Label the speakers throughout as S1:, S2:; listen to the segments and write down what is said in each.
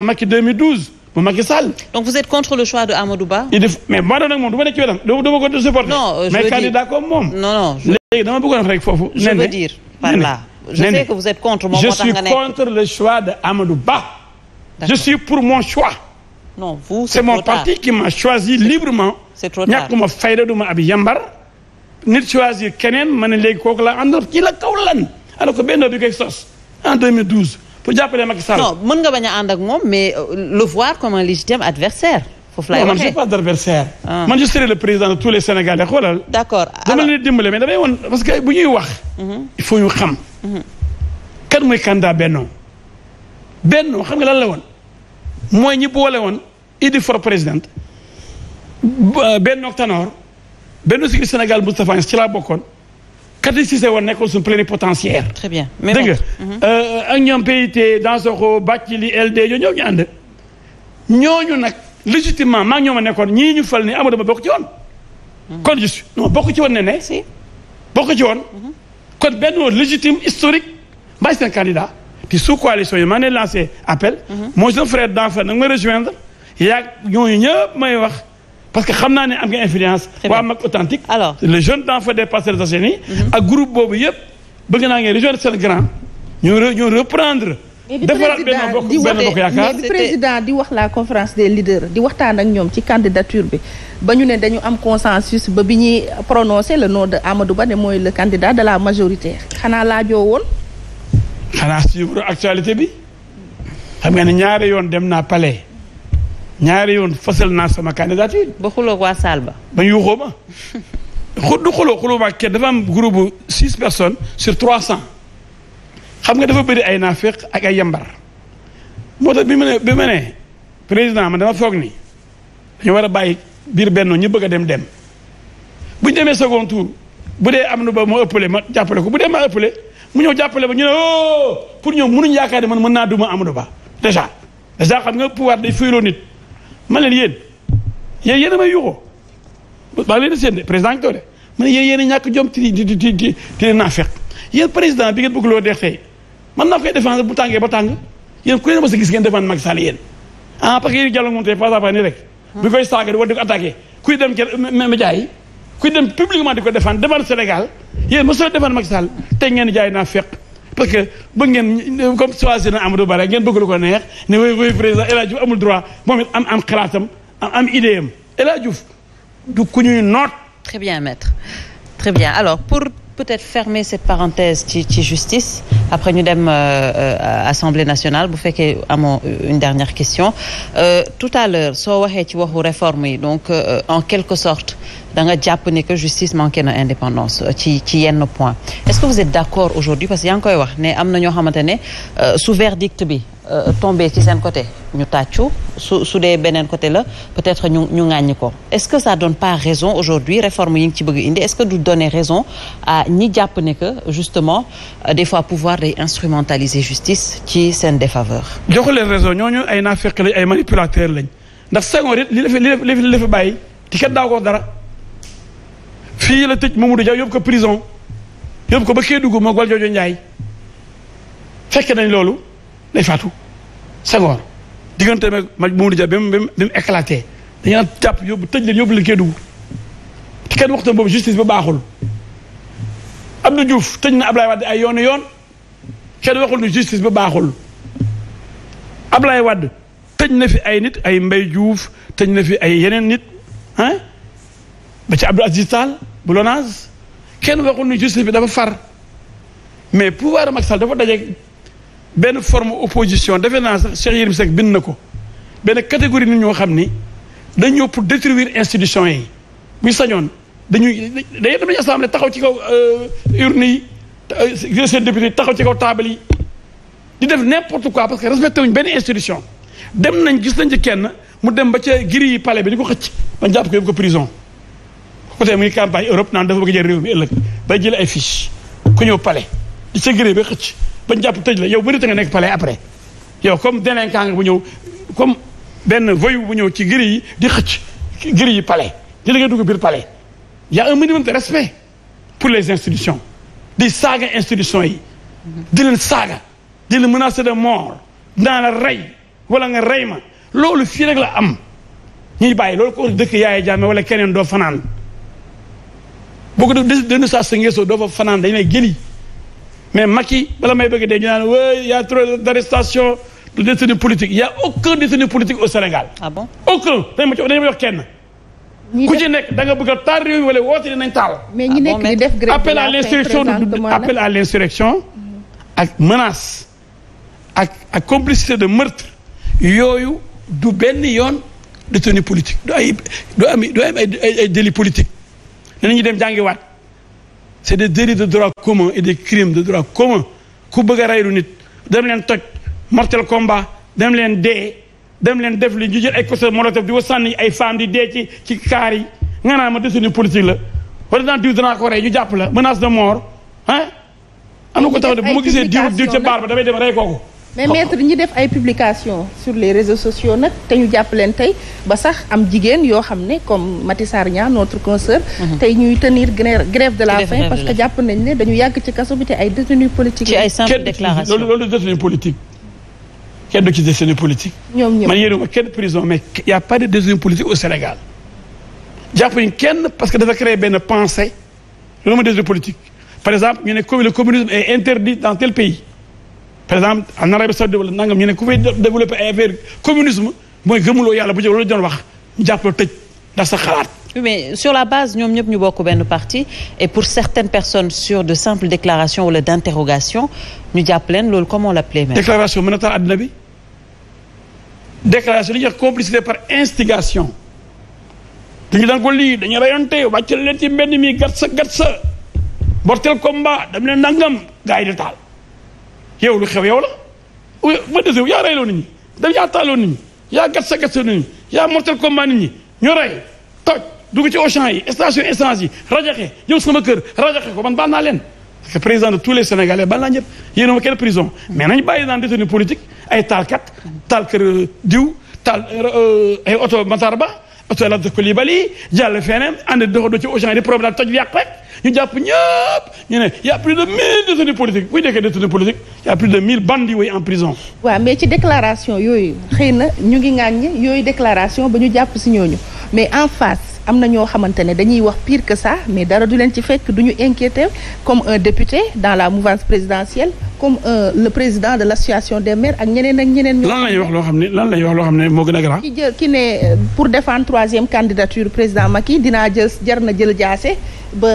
S1: Macky 2012 bu Macky Sall.
S2: donc vous êtes contre le choix de Amadou
S1: def mais maa doon nag moom du ma nekk ci du ma ko supporter. mais candidat
S2: comme moom. non
S1: foofu. je veux dire par là. je je suis contre le choix de Amadou Ba. je suis pour mon choix.
S2: non vous c'est mon parti qui m'a
S1: choisi librement. c'est trop tard ñàkkuma fayda duma ab yambar. nit choisir keneen ma ne léegi kooku la àndoon ci la kaw lan alors que benn bi koy sos en pour jàppale Macky Sall. non
S2: mën nga bañ a ànd ak moom mais euh, le voir comme un légitime adversaire. foofu laay waxee ah.
S1: le président de tous les Sénégalais xoolal. d'accord dama leen dimbale mais damay woon parce que bu ñuy wax. Mhm. il faut ñu xam. Mhm. kan mooy candidat Benno Benno xam nga lan la woon mooy ñi boole woon Idi for président euh, Benno Tanor Benno Siggil Sénégal Moustapha Niasse ci laa bokkoon. Khady Cissé woon nekkoon suñu plénipotentiaire.
S2: très bien mais dégg nga mhm.
S1: euh, ak ñoom PIT Dansokho Bathily LD yooyu ñoo ñu nag légitimement maa ngi nekkoon ñii ñu fal ni Amadou Ba bokk ci woon. Mhm. kon juste non bokk ci woon ne bokk ci woon. Mhm. kon benn woon légitime historique mbaa seen candidat ci sous coalition yi maa ngi lancé appel. mon jeune frère d'enfance nag ma rejoindre yaag ñooñu ñëpp may wax. parce que xam naa ne am nga influence. waa mag authentique alors le jeune d'enfant des Parcelles Assainies mm-hmm. ak groupe boobu yëpp bëgg naa ngeen rejoindre seen grand ñoo ñoo reprendre. defaraat benn bokk benn bokk yaakaar mais
S3: bi di wax la conférence des leaders di waxtaan ak ñoom ci candidature bi ba ñu ne dañu am consensus ba bi ñuy prononcer le nom de Amadou Ba ne mooy le candidat de la majorité xanaa laajoo woon.
S1: xanaa suivre actualité bi xam nga ne ñaari yoon dem naa pale ñaari yoon fasal naa sama candidature. ba xuloo ak waa Saal ba. ba ñu yuuxoo ma du xuloo xuloo ma kenn dafa am groupe bu six personnes sur trois cent xam nga dafa bëri ay naafeq ak ay yambar moo tax bi ma ne bi ma ne président man dama foog ni dañu war a bàyyi biir benn ñu bëgg a dem dem bu ñu demee second tour bu dee am na ba moo ëppale ma jàppale ko bu dee ma ëppale mu ñëw jàppale ba ñu ne oh pour ñoom mënuñ yaakaar ne man mën naa duma Amadou Ba déjà xam nga pouvoir day fuyuloo man leen yéen yéen yéen a may yuxoo baa leen a seen de président ak doole ma ne yéen yéen ñàkk jom ci ci ci ci ci naa fekk yéen président bi ngeen bëgg loo deex tey man naa koy défendre bu tàngee ba tàng yéen ku leen ma sa gis ngeen défendre Macky Sall yéen ah parce que yéen jàlloo moom tey pas à pas nii rek ah. bi koy saaga di war di ko attaqué kuy dem ca média yi kuy dem publiquement di ko défendre devant Sénégal yéen mosoo défendre Macky Sall tey ngeen jaay naa fekk parce que bëgg ngeen comme choisir na Amadou Ba rek ngeen bëgg lu ko neex ne woy woy président El Hadj Diouf amul droit moom it am am xalaatam am am idée am El Hadj Diouf
S2: du ku ñuy noot. très bien maître très bien alors pour peut-être fermer cette parenthèse ci ci justice après ñu dem euh, euh, assemblée nationale bu fekkee amoo une dernière question euh, tout à l'heure soo waxee ci waxu réforme yi donc en quelque sorte. da nga jàpp ne que justice manqué na indépendance euh, ci ci yenn point est-ce que vous êtes d'accord aujourd'hui parce que yaa koy wax ne am na ñoo xamante ne euh, su verdict bi euh, tombé ci seen côté ñu tàccu su su dee beneen côté la peut-être ñu ñu ŋàññi ko est-ce que ça donne pas raison aujourd'hui réforme yi ngi ci bëgg indi est-ce que du donner raison à ñi jàpp ne que justement des fois pouvoir day instrumentaliser justice ci seen défaveur
S1: joxu leen raison ñooñu ay naafeq lañ ay manipulateurs la fi fii la tëj Mamadou Dia yóbbu ko prison yóbbu ko ba Kédougou moog Valdiodio Ndiaye fekk nañ loolu day faatu Senghor diggante ma Mamadou Dia ba mu ba mu éclaté dañu naan jàpp yóbbu tëj leen yóbbu leen Kédougou te kenn waxtaan boobu justice ba baaxul Abdou Diouf tëj na Ablaye Wade ay yoon yoon kenn waxul ni justice ba baaxul Ablaye Wade tëj na fi ay nit ay mbay juuf tëj na fi ay yeneen nit ba ci Abdou Aziz Tall bu LONASE kenn waxul ni justice bi dafa far mais pouvoir Macky Sall dafa daje benn forme opposition defe naa sax Cheikh Yérim Seck bind na ko benn catégorie nit ñoo xam ni dañ ñëw pour détruire institution yi bu sañoon dañuy dañuy dem nañu taxaw ci kaw euh, urne yi seen euh, député taxaw ci kaw taabal yi di def n'importe quoi parce que respecté wuñ benn institution dem nañ gis nañ ci kenn mu dem ba ca giri yi pale bi di ko xëcc ba jàpp ko yóbbu ko prison ku tey muy campagne Europe naan dafa bëgg jël réew mi ëllëg ba jël ay fiche ku ñëw palais di ca gëree ba xëcc bañ jàpp tëj la yow bëri ta nga nekk palais après yow comme délinquant nga bu ñëw comme benn voyou bu ñëw ci giri yi di xëcc giri yi pale di la ngay dugg biir palais y a un respect pour les institutions di saaga institutions yi di leen saaga di leen menacer de mort dinaa la rey wala nga rey ma loolu fii rek la am ñuy bàyyi loolu ko dëkk yaay jaame wala keneen doo fanaan boo ko def denu saa sa ngeesoo doo fa fanaan dañ lay géli mais Macky bala may bëgg dee ñu naan ouais y trop de détenu politique y a aucun détenu politique au Sénégal. ah bon aucun dañ ma da nga bëgg a taal réew mi wala woote dinañ mais ñi ah nekk di def grève appel à l'insurrection appel ak menace ak ak complicité de meurtre yooyu du benn yoon détenu politique du ay du am ne nañu dem jàngiwaat c'est des délits de droit commun et des crimes de droit commun ku bëgg a reylu nit dem leen toj mortel combat dem leen dee dem def li ñu jël ay cocktail molotov di sànni ay femmes di dee ci ci kaar nga naan ma décision politique la wala dinaa diw dinaa ko rey ñu jàpp la menace de mort ah am na ko tax de bu ma gisee diw diw ca baar ba damay dem rey kooku
S3: mais maître ñi def ay publication sur les réseaux sociaux nag te ñu jàpp leen tey ba sax am jigéen yoo xam ne comme Mati Sarnia notre consoeur mhm. tey ñuy tenir grève de la faim parce que jàpp nañ ne dañu yàgg ci kaso bi te ay détenus politiques
S1: loolu détenu politique kenn du ci détenu politique ñoom ñëpp man yéenuma kenn prison mais y au Sénégal jàpp ñu kenn parce que dafa créer benn pensée loolu ma détenu politique par exemple ñu ne le communisme est interdit dans tel pays par exemple en Arabie Saoudite wala nangam ñu ne ku fay développé ay affaire communisme mooy gëmuloo yàlla bu jël loolu doon wax ñu jàppale tëj ndax sa xalaat.
S2: oui mais sur la base ñoom ñëpp ñu bokk benn parti et pour certaines personnes sur de simples déclarations wala d' interrogation ñu jàpp leen loolu comment on l' appelait même.
S1: déclaration mën na taal àddina bi déclaration li ñuy wax complicité par instigation. dañu daan ko lii dañu rayonte wàccal leen ci mbedd mi gat sa gat sa bortel combat dam leen nangam gars yi di taal. yow lu xew yow la ma dese yaa reyloo nit ñi da yaa taaloo nit ñi yaa gat sa gat sa nit ñi yaa mortel combat nit ñi ñu rey toj dugg ci Auchan yi station essence yi rajaxe ñëw suma kër rajaxe ko man baal naa leen parce que président de tous les Sénégalais baal naa ñëpp yéen ma prison mais nañ bàyyi daan détenu politique ay taalkat taal kër euh, diw taal euh, euh, ay oto Matar Ba Ustaz Coulibaly jàll feneen ànd doxadoo ci Auchan di promenade toj yàq rek ñu jàpp ñëpp ñu ne y' a plus de mille détenus politiques buy nekkee détenus politiques y' a plus de mille bandits en prison.
S3: waaw mais ci déclaration yooyu xëy na ñu ngi ŋàññi yooyu déclaration ba ñu jàpp si ñooñu mais en face. am na ñoo xamante ne dañuy wax pire que ça mais dara du leen ci fekk du ñu inquiété comme un député dans la mouvance présidentielle comme euh, le président de l'association des maires ak ñeneen ak ñeneen. lan lay wax loo
S1: xam wax loo xam ne moo gën a grand. ki
S3: jël ki ne euh, pour défendre troisième candidature président Macky dinaa jël jar na jël jaase ba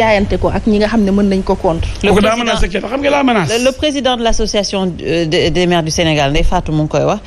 S3: jaayante ko ak ñi nga xam ne mën nañ ko contre. le président daa xam nga la menace.
S2: le président de l'association euh, des maires du Sénégal Ndeye Fatou mu ngi koy wax.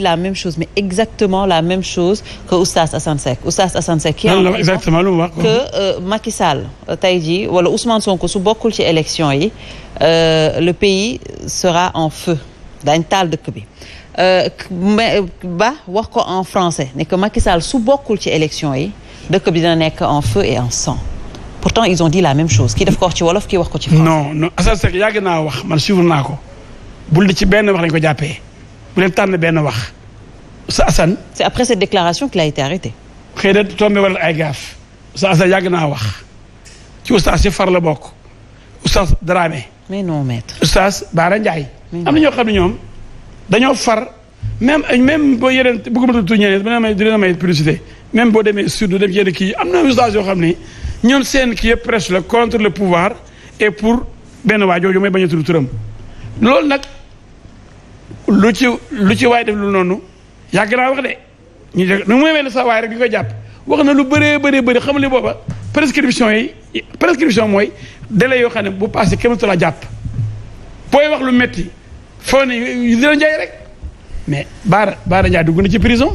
S2: la même chose mais exactement la même chose que Oustaz qui a exactement
S1: lu mu wax euh,
S2: euh, tey jii wala Ousmane Sonko su bokkul ci élection yi euh, le pays sera en feu dañ taal dëkk bi ba wax ko en français ne que Macky su bokkul ci élection yi dëkk bi dina nekk en feu et en sang pourtant ils ont dit la même chose kii daf ko ci wolof kii wax ko ci français. non non Assane ah, Seck yàgg
S1: naa wax man suivre naa ko bul ci benn wax lañ ko jàppee bu leen tànn benn wax sa Assane. c'est après cette déclaration qu'il a été arrêté. xëy na tombé waral ay gaaf sa la yàgg naa wax ci oustaz ci far la bokk oustaz Dramé. mais non maître. oustaz Baara Ndiaye. am na ñoo xam ne ñoom dañoo far même même boo yeneen bëgguma tudd ñeneen dina may dina may publicité même boo demee sud dem yenn kii am na oustaz yoo xam ne ñoom seen kii yëpp presse la contre le pouvoir et pour benn waa jooju may bañ a tudd turam loolu nag lu ci lu ci waay def lu noonu yàgg naa wax de. ñu jël nu muy mel sa waay rek di ko jàpp wax na lu bëree bëree bëri xam li booba prescription yi prescription mooy délai yoo xam ne bu passé kenn la jàpp booy wax lu metti foo ne yu rek mais Baara Baara Ndiaye dugg na ci prison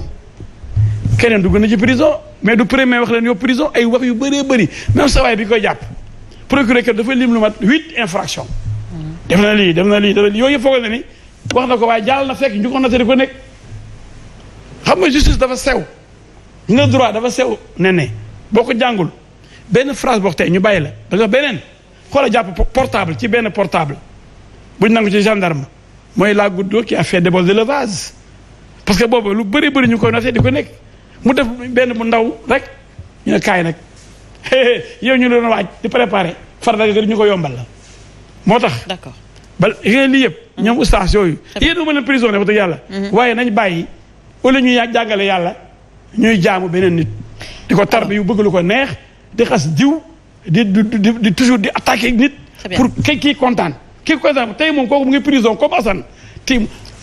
S1: keneen dugg na ci prison mais du premier wax leen yow prison ay wax yu bëree bëri même sa bi koy jàpp procureur que dafa lim lu mat huit infraction mm. def na lii def na lii def na lii yooyu foog na ni wax na ko waaye jàll na fekk ñu ko noté di ko nekk. xam nga justice dafa sew nga droit dafa sew ne ne boo ko jàngul benn phrase boo tey ñu bàyyi la da nga beneen xoola jàpp portable ci benn portable buñ nangu ci gendarme mooy la goutte d'eau qui a fait le vase parce que boobu lu bëri bëri ñu koy noté di ko nekk mu def benn bu ndaw rek ñu ne kaay nag yow ñu doon waaj di préparé far da ñu ko yombal la moo tax d'accord ba lii yëpp mm-hmm. ñoom ustaas yooyu yéen uma leen prison ne wax yàlla mm-hmm. waaye nañ bàyyi wala ñuy jàngale yàlla ñuy jaamu beneen nit di ko tarbi yu bëgg lu ko neex di xas diw di di di toujours di attaquer nit pour kay kii kontaan kii kontaan tey moom kooku mu ngi prison comme Assane te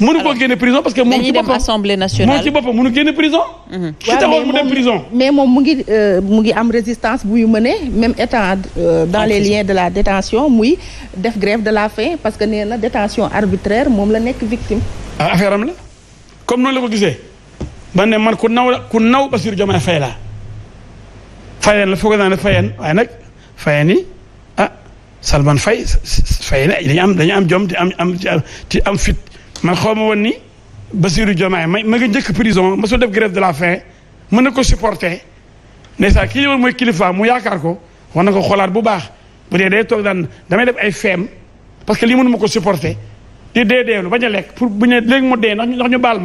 S1: mënu koo génne prison parce que moom ci boppam assemblée nationale moom boppam mënu génne prison ci mhm. taxoon mu dem prison
S3: mais moom mu ngi euh, mu ngi am résistance buy mëne même étant euh, dans les liens de la détention muy def grève de la faim parce que nee na détention arbitraire moom la nekk victime
S1: ah, affaire am la comme noonu la ko gisee ba ne man ku naw la ku naw Bassirou Diomaye Faye la fayeen la foog naa ne fayeen waaye nag fayeen yi ah Salman Faye fayeen dañu am dañu am jom te am am ci am fit man xaw ma woon ni Bassirou Diomaye ma ma nga njëkk prison ma soo def grève de la faim mën na ko supporter ndeysaan kii woon mooy kilifa mu yaakaar ko war na ko xoolaat bu baax bu dee day toog daan damay def ay feem parce que lii mënu ma ko supporter di dee deelu bañ a lekk pour bu ñu léegi mu dee ndax ñu baal ma